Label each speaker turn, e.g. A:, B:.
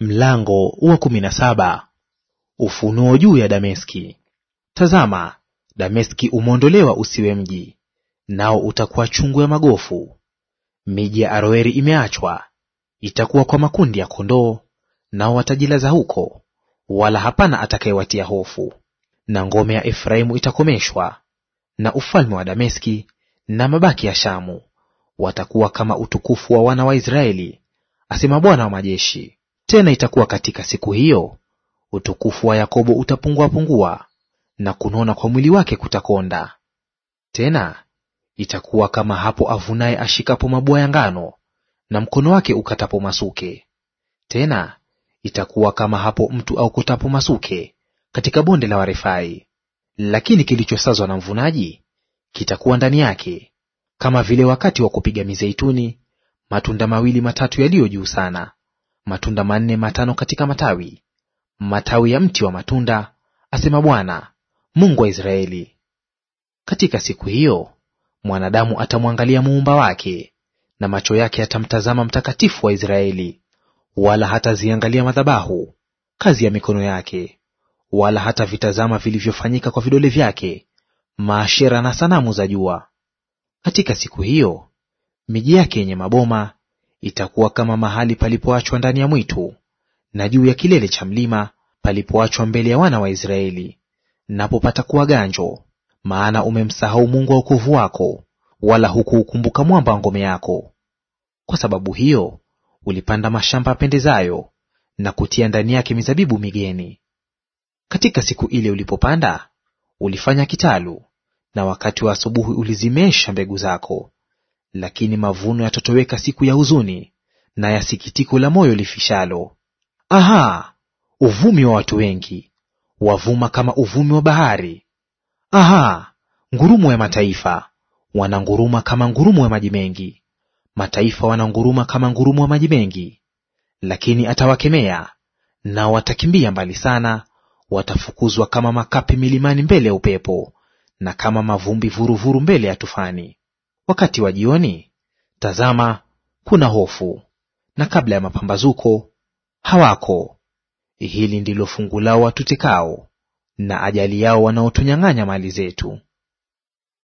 A: Mlango wa kumi na saba. Ufunuo juu ya Dameski. Tazama, Dameski umeondolewa usiwe mji, nao utakuwa chungu ya magofu. Miji ya Aroeri imeachwa, itakuwa kwa makundi ya kondoo, nao watajilaza huko, wala hapana atakayewatia hofu. Na ngome ya Efraimu itakomeshwa, na ufalme wa Dameski na mabaki ya Shamu watakuwa kama utukufu wa wana wa Israeli, asema Bwana wa majeshi. Tena itakuwa katika siku hiyo, utukufu wa Yakobo utapunguapungua, na kunona kwa mwili wake kutakonda. Tena itakuwa kama hapo avunaye ashikapo mabua ya ngano, na mkono wake ukatapo masuke. Tena itakuwa kama hapo mtu aokotapo masuke katika bonde la Warefai. Lakini kilichosazwa na mvunaji kitakuwa ndani yake, kama vile wakati wa kupiga mizeituni, matunda mawili matatu yaliyo juu sana matunda manne matano katika matawi, matawi ya mti wa matunda, asema Bwana Mungu wa Israeli. Katika siku hiyo mwanadamu atamwangalia muumba wake, na macho yake atamtazama mtakatifu wa Israeli, wala hataziangalia madhabahu, kazi ya mikono yake, wala hatavitazama vilivyofanyika kwa vidole vyake, maashera na sanamu za jua. Katika siku hiyo miji yake yenye maboma itakuwa kama mahali palipoachwa ndani ya mwitu, na juu ya kilele cha mlima palipoachwa mbele ya wana wa Israeli, napo patakuwa ganjo. Maana umemsahau Mungu wa wokovu wako, wala hukuukumbuka mwamba wa ngome yako. Kwa sababu hiyo ulipanda mashamba yapendezayo na kutia ndani yake mizabibu migeni. Katika siku ile ulipopanda ulifanya kitalu, na wakati wa asubuhi ulizimesha mbegu zako lakini mavuno yatotoweka siku ya huzuni na ya sikitiko la moyo lifishalo. Aha, uvumi wa watu wengi wavuma kama uvumi wa bahari. Aha, ngurumo ya mataifa wananguruma kama ngurumo ya maji mengi. Mataifa wananguruma kama ngurumo ya maji mengi. Lakini atawakemea nao watakimbia mbali sana, watafukuzwa kama makapi milimani mbele ya upepo, na kama mavumbi vuruvuru mbele ya tufani. Wakati wa jioni, tazama, kuna hofu, na kabla ya mapambazuko hawako. Hili ndilo fungu lao watutekao, na ajali yao wanaotunyang'anya mali zetu.